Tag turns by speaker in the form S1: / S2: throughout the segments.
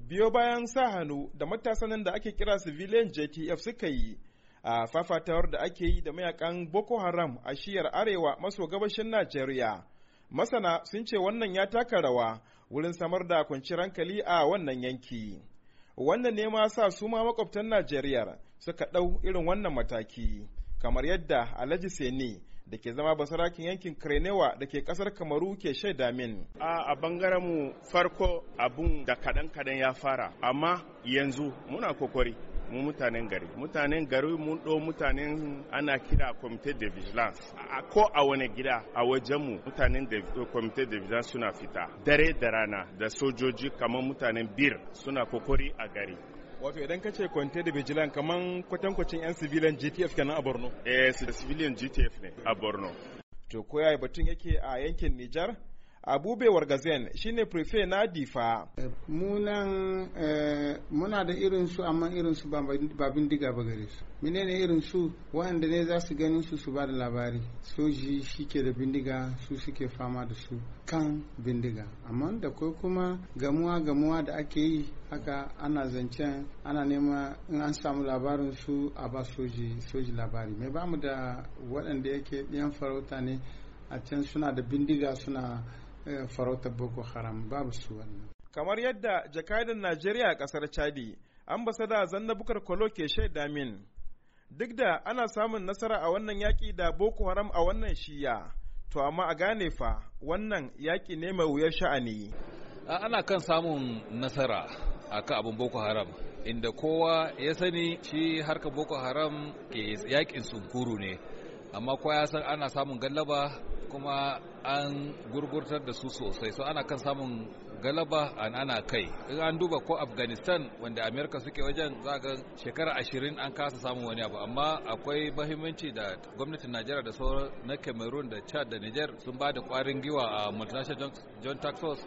S1: biyo bayan sa hannu da matasanan da ake kira civilian jtf suka yi a fafatawar da ake yi da mayakan boko haram a shiyar arewa maso gabashin najeriya masana sun ce wannan ya taka rawa wurin samar da kwanciyar rankali a wannan yanki wannan ne ma sa su ma makwabtan najeriya suka ɗau irin wannan mataki kamar yadda alhaji sene da ke zama basarakin yankin krenewa da ke
S2: kasar kamaru ke shaida min a a bangaren mu farko abun da kadan kadan ya fara amma yanzu muna kokori mu mutanen gari mutanen gari mun ɗo mutanen ana kira committee de vigilance a ko a wani gida a wajenmu mutanen eh, committee de vigilance suna fita dare da rana da sojoji kamar mutanen bir suna kokori a gari wato idan ka ce kwante da bijilan kaman kwatankwacin yan civilian gtf kenan a borno eh civilian gtf ne a borno
S1: to koyaye batun yake a yankin nijar abube wargazen shine prefe na difa eh, munan eh, muna da irin su amma irin su ba bindiga ba gare su menene irin
S3: su wanda ne za su ganin su su ba da labari soji shike da bindiga su suke fama da su kan bindiga amma da kai kuma gamuwa gamuwa da ake yi haka ana zancen ana nema in an samu labarin su a ba soji soji labari mai bamu da waɗanda yake yan farauta ne a can suna da bindiga suna farautar boko haram babu su wannan
S1: kamar yadda jakadan najeriya a kasar chadi ambasada zannabukar kolo ke shaida min duk da ana samun nasara a wannan yaƙi da boko haram a wannan shiya to amma a gane fa wannan yaƙi ne mai wuyar sha'ani
S4: ana kan samun nasara a kan abin boko haram inda kowa ya sani shi harkar boko haram ke yaƙin sunkuru ne amma kowa ya san ana samun gallaba kuma an gurgurtar da su sosai so ana kan samun galaba an ana kai in an duba ko afghanistan wanda amerika suke wajen za shekara ashirin an kasa samun wani abu amma akwai mahimmanci da gwamnatin najeriya da sauran na cameroon da chad da niger sun ba da kwarin giwa a multinational john taxos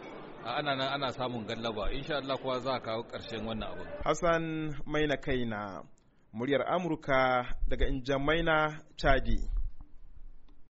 S4: ana nan ana samun gallaba insha Allah kuwa za a kawo karshen wannan abu
S1: hassan maina kaina muryar amurka daga injamaina chadi